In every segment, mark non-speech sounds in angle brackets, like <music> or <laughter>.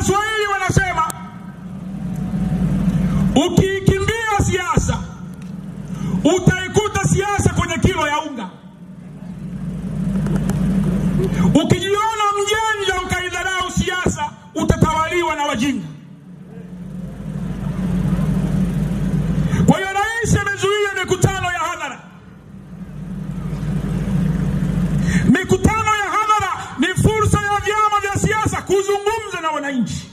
Waswahili wanasema ukiikimbia siasa uta wananchi,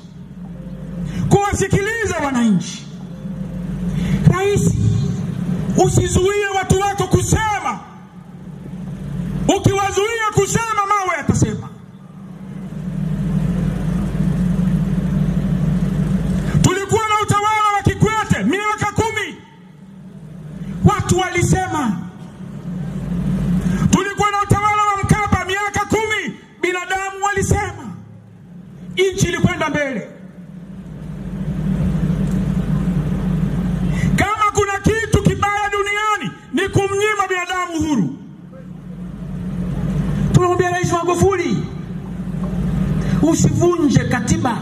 kuwasikiliza wananchi. Rais, usizuie watu wako kusema, ukiwazuia nchi ilikwenda mbele. Kama kuna kitu kibaya duniani ni kumnyima binadamu uhuru. Tunamwambia Rais Magufuli, usivunje katiba,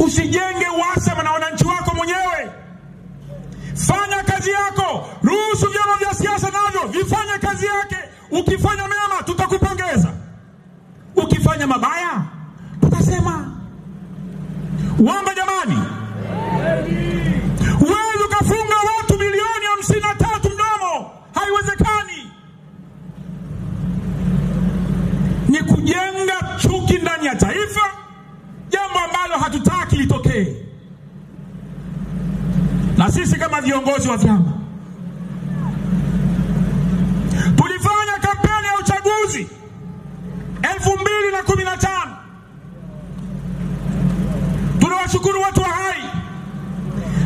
usijenge uhasama na wananchi wako mwenyewe. Fanya kazi yako, ruhusu vyama vya siasa navyo vifanye kazi yake. Ukifanya mema haki litokee, na sisi kama viongozi wa vyama tulifanya kampeni ya uchaguzi elfu mbili na kumi na tano. Tunawashukuru watu wa Hai,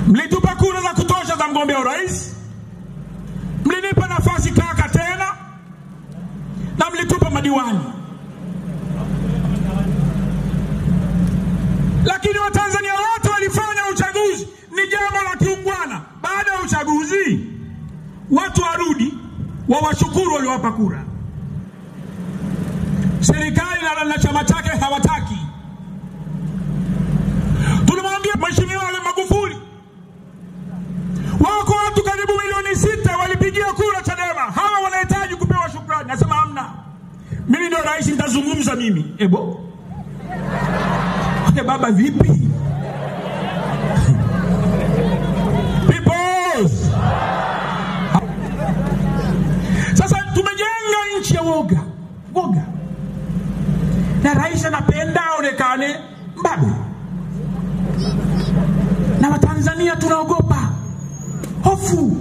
mlitupa kura za kutosha za mgombea urais, mlinipa nafasi kaka tena na mlitupa madiwani watu warudi wawashukuru waliowapa kura. Serikali na, na chama chake hawataki. Tulimwambia Mheshimiwa Magufuli, wako watu karibu milioni sita walipigia kura Chadema, hawa wanahitaji kupewa shukrani. Nasema hamna, mimi ndio rais, nitazungumza mimi. Ebo <laughs> baba, vipi? wale mbabe, na Watanzania tunaogopa hofu.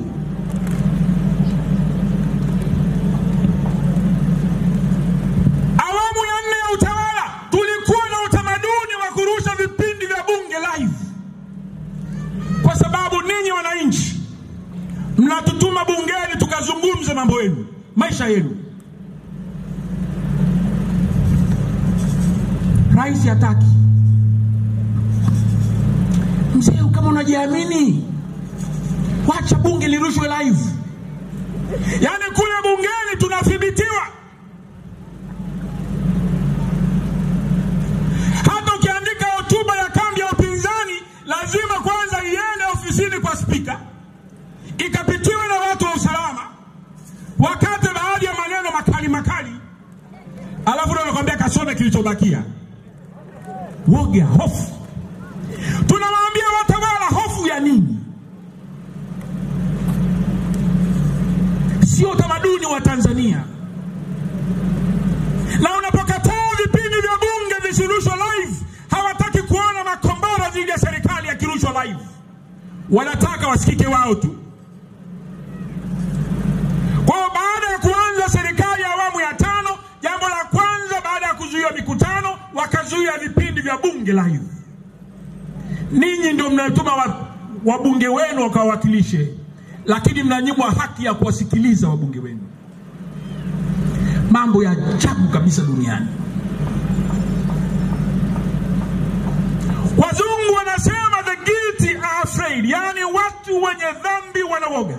Awamu ya nne ya utawala tulikuwa na utamaduni wa kurusha vipindi vya bunge live, kwa sababu ninyi wananchi mnatutuma bungeni tukazungumze mambo yenu, maisha yenu rais hataki. Mzee, kama unajiamini, wacha bunge lirushwe live. Yaani kule bungeni tunathibitiwa, hata ukiandika hotuba ya kambi ya upinzani lazima kwanza iende ofisini kwa spika ikapitiwe na watu wa usalama, wakate baadhi ya maneno makali makali, alafu ndo nakwambia kasome kilichobakia woga hofu. Tunawaambia watawala, hofu ya nini? Sio utamaduni wa Tanzania. Na unapokataa vipindi vya bunge visirushwe live, hawataki kuona makombora dhidi ya serikali yakirushwa live, wanataka wasikike wao tu. bunge la Youth. Ninyi ndio mnatuma wabunge wenu wakawawakilishe, lakini mnanyimwa haki ya kuwasikiliza wabunge wenu. Mambo ya ajabu kabisa duniani. Wazungu wanasema the guilty are afraid, yaani watu wenye dhambi wanaoga.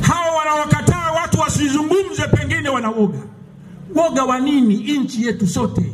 hawa wanawakataa watu wasizungumze, pengine wanaoga. Woga wa nini nchi yetu sote?